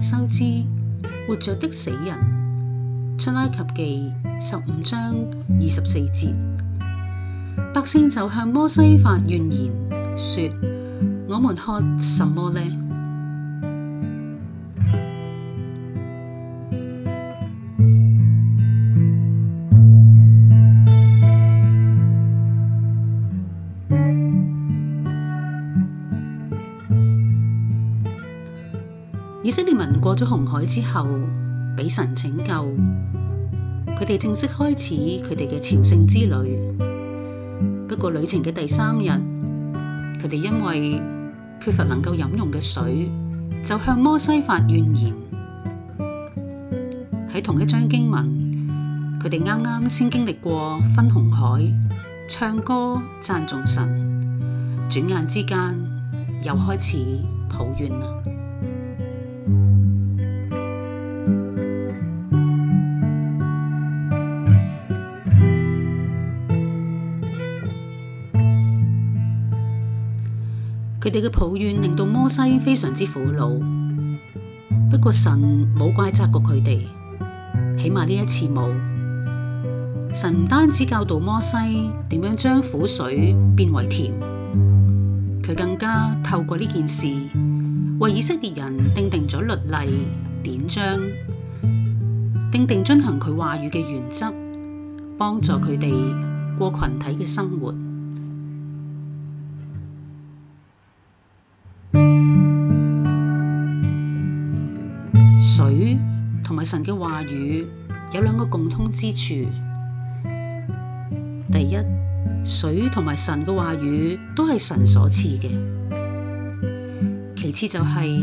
收之活着的死人。出埃及記十五章二十四節，百姓就向摩西發怨言，說：我們喝什麼呢？以色列民過咗紅海之後，俾神拯救，佢哋正式開始佢哋嘅朝聖之旅。不過旅程嘅第三日，佢哋因為缺乏能夠飲用嘅水，就向摩西發怨言。喺同一章經文，佢哋啱啱先經歷過分紅海，唱歌讚頌神，轉眼之間又開始抱怨啦。佢哋嘅抱怨令到摩西非常之苦惱，不過神冇怪責過佢哋，起碼呢一次冇。神唔單止教導摩西點樣將苦水變為甜，佢更加透過呢件事為以色列人定定咗律例典章，定定遵行佢話語嘅原則，幫助佢哋過群體嘅生活。神嘅話語有兩個共通之處。第一，水同埋神嘅話語都係神所賜嘅；其次就係，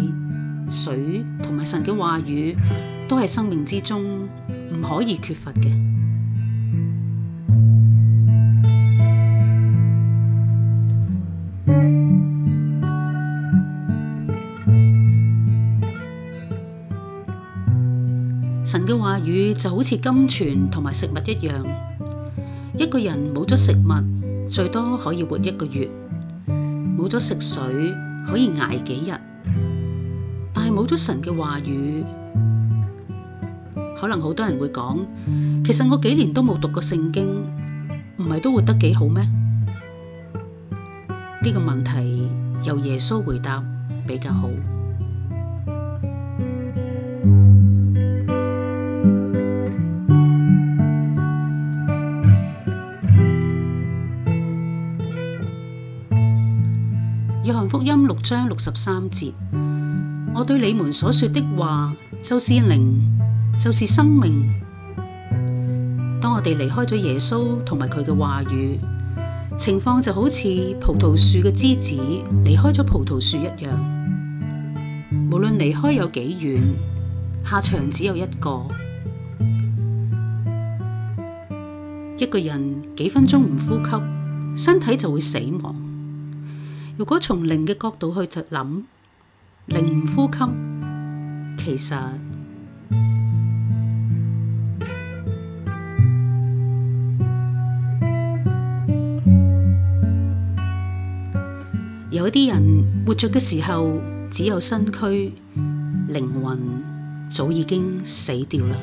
水同埋神嘅話語都係生命之中唔可以缺乏嘅。神嘅話語就好似甘泉同埋食物一樣，一個人冇咗食物，最多可以活一個月；冇咗食水可以捱幾日。但係冇咗神嘅話語，可能好多人會講：其實我幾年都冇讀過聖經，唔係都活得幾好咩？呢、這個問題由耶穌回答比較好。福音六章六十三節，我對你們所說的話就是靈，就是生命。當我哋離開咗耶穌同埋佢嘅話語，情況就好似葡萄樹嘅枝子離開咗葡萄樹一樣。無論離開有幾遠，下場只有一個。一個人幾分鐘唔呼吸，身體就會死亡。如果從靈嘅角度去諗，靈唔呼吸，其實有啲人活著嘅時候，只有身軀，靈魂早已經死掉啦。